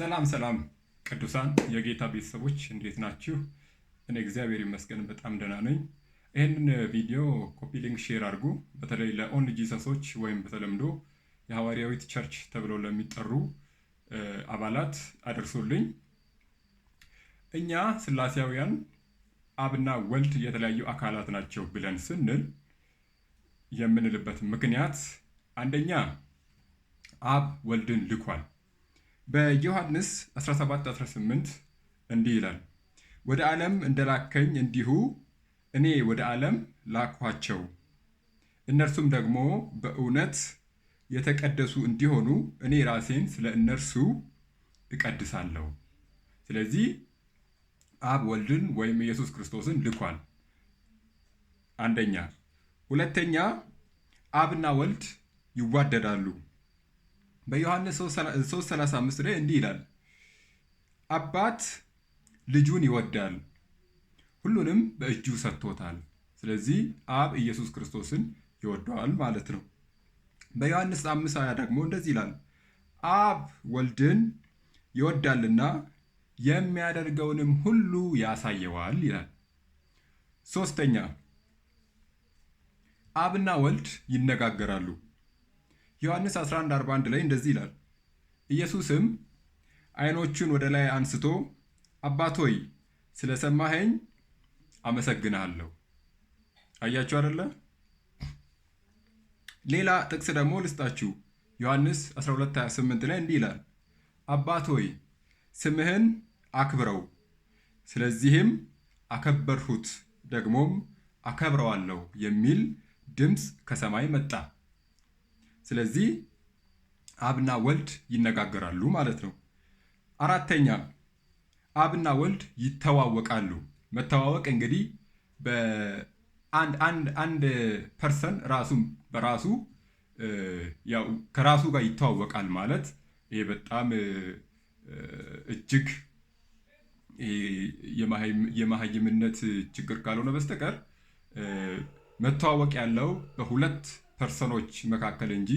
ሰላም ሰላም ቅዱሳን የጌታ ቤተሰቦች እንዴት ናችሁ? እኔ እግዚአብሔር ይመስገን በጣም ደህና ነኝ። ይህንን ቪዲዮ ኮፒ ሊንክ ሼር አድርጉ። በተለይ ለኦንሊ ጂሰሶች ወይም በተለምዶ የሐዋርያዊት ቸርች ተብለው ለሚጠሩ አባላት አድርሱልኝ። እኛ ስላሴያውያን አብና ወልድ የተለያዩ አካላት ናቸው ብለን ስንል የምንልበት ምክንያት አንደኛ አብ ወልድን ልኳል በዮሐንስ 17:18 እንዲህ ይላል፣ ወደ ዓለም እንደላከኝ እንዲሁ እኔ ወደ ዓለም ላኳቸው፣ እነርሱም ደግሞ በእውነት የተቀደሱ እንዲሆኑ እኔ ራሴን ስለ እነርሱ እቀድሳለሁ። ስለዚህ አብ ወልድን ወይም ኢየሱስ ክርስቶስን ልኳል። አንደኛ። ሁለተኛ አብና ወልድ ይዋደዳሉ። በዮሐንስ 3:35 ላይ እንዲህ ይላል፣ አባት ልጁን ይወዳል፣ ሁሉንም በእጁ ሰጥቶታል። ስለዚህ አብ ኢየሱስ ክርስቶስን ይወደዋል ማለት ነው። በዮሐንስ 5:20 ደግሞ እንደዚህ ይላል፣ አብ ወልድን ይወዳልና የሚያደርገውንም ሁሉ ያሳየዋል ይላል። ሶስተኛ አብና ወልድ ይነጋገራሉ። ዮሐንስ 11:41 ላይ እንደዚህ ይላል፣ ኢየሱስም ዓይኖቹን ወደ ላይ አንስቶ አባት ሆይ ስለሰማኸኝ አመሰግንሃለሁ። አያችሁ አይደለ? ሌላ ጥቅስ ደግሞ ልስጣችሁ። ዮሐንስ 12:28 ላይ እንዲህ ይላል፣ አባት ሆይ ስምህን አክብረው፣ ስለዚህም አከበርሁት፣ ደግሞም አከብረዋለሁ የሚል ድምፅ ከሰማይ መጣ። ስለዚህ አብና ወልድ ይነጋገራሉ ማለት ነው። አራተኛ አብና ወልድ ይተዋወቃሉ። መተዋወቅ እንግዲህ አንድ ፐርሰን ራሱን በራሱ ያው ከራሱ ጋር ይተዋወቃል ማለት ይሄ በጣም እጅግ የመሃይምነት ችግር ካልሆነ በስተቀር መተዋወቅ ያለው በሁለት ፐርሰኖች መካከል እንጂ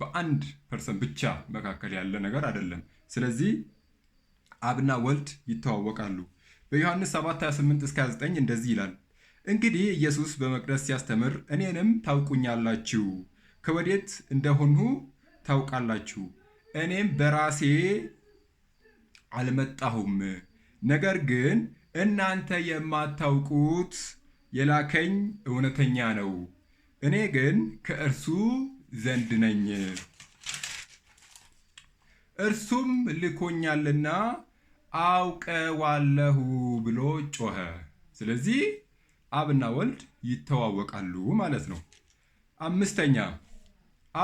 በአንድ ፐርሰን ብቻ መካከል ያለ ነገር አይደለም። ስለዚህ አብና ወልድ ይተዋወቃሉ። በዮሐንስ በዮሐንስ7289 እስከ 29 እንደዚህ ይላል። እንግዲህ ኢየሱስ በመቅደስ ሲያስተምር እኔንም ታውቁኛላችሁ፣ ከወዴት እንደሆንሁ ታውቃላችሁ። እኔም በራሴ አልመጣሁም፣ ነገር ግን እናንተ የማታውቁት የላከኝ እውነተኛ ነው እኔ ግን ከእርሱ ዘንድ ነኝ። እርሱም ልኮኛልና አውቀዋለሁ ብሎ ጮኸ። ስለዚህ አብና ወልድ ይተዋወቃሉ ማለት ነው። አምስተኛ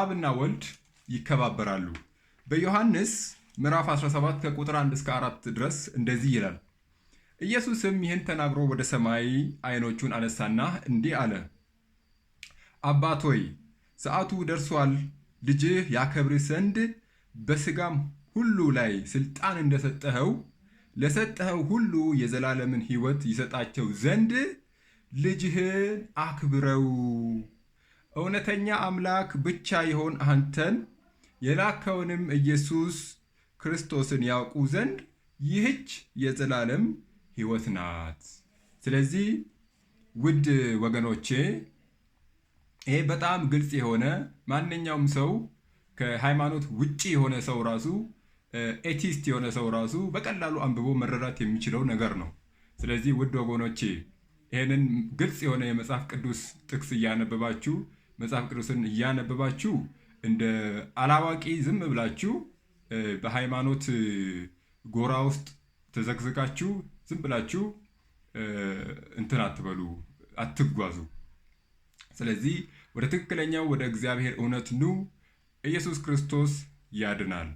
አብና ወልድ ይከባበራሉ። በዮሐንስ ምዕራፍ 17 ከቁጥር 1 እስከ 4 ድረስ እንደዚህ ይላል። ኢየሱስም ይህን ተናግሮ ወደ ሰማይ ዓይኖቹን አነሳና እንዲህ አለ አባት ሆይ ሰዓቱ ደርሷል፣ ልጅህ ያከብር ዘንድ በስጋም ሁሉ ላይ ስልጣን እንደሰጠኸው ለሰጠኸው ሁሉ የዘላለምን ሕይወት ይሰጣቸው ዘንድ ልጅህን አክብረው። እውነተኛ አምላክ ብቻ ይሆን አንተን የላከውንም ኢየሱስ ክርስቶስን ያውቁ ዘንድ ይህች የዘላለም ሕይወት ናት። ስለዚህ ውድ ወገኖቼ ይሄ በጣም ግልጽ የሆነ ማንኛውም ሰው ከሃይማኖት ውጪ የሆነ ሰው ራሱ ኤቲስት የሆነ ሰው ራሱ በቀላሉ አንብቦ መረዳት የሚችለው ነገር ነው። ስለዚህ ውድ ወገኖቼ ይህንን ግልጽ የሆነ የመጽሐፍ ቅዱስ ጥቅስ እያነበባችሁ መጽሐፍ ቅዱስን እያነበባችሁ እንደ አላዋቂ ዝም ብላችሁ በሃይማኖት ጎራ ውስጥ ተዘግዝቃችሁ ዝም ብላችሁ እንትን አትበሉ፣ አትጓዙ። ስለዚህ ወደ ትክክለኛው ወደ እግዚአብሔር እውነት ኑ። ኢየሱስ ክርስቶስ ያድናል።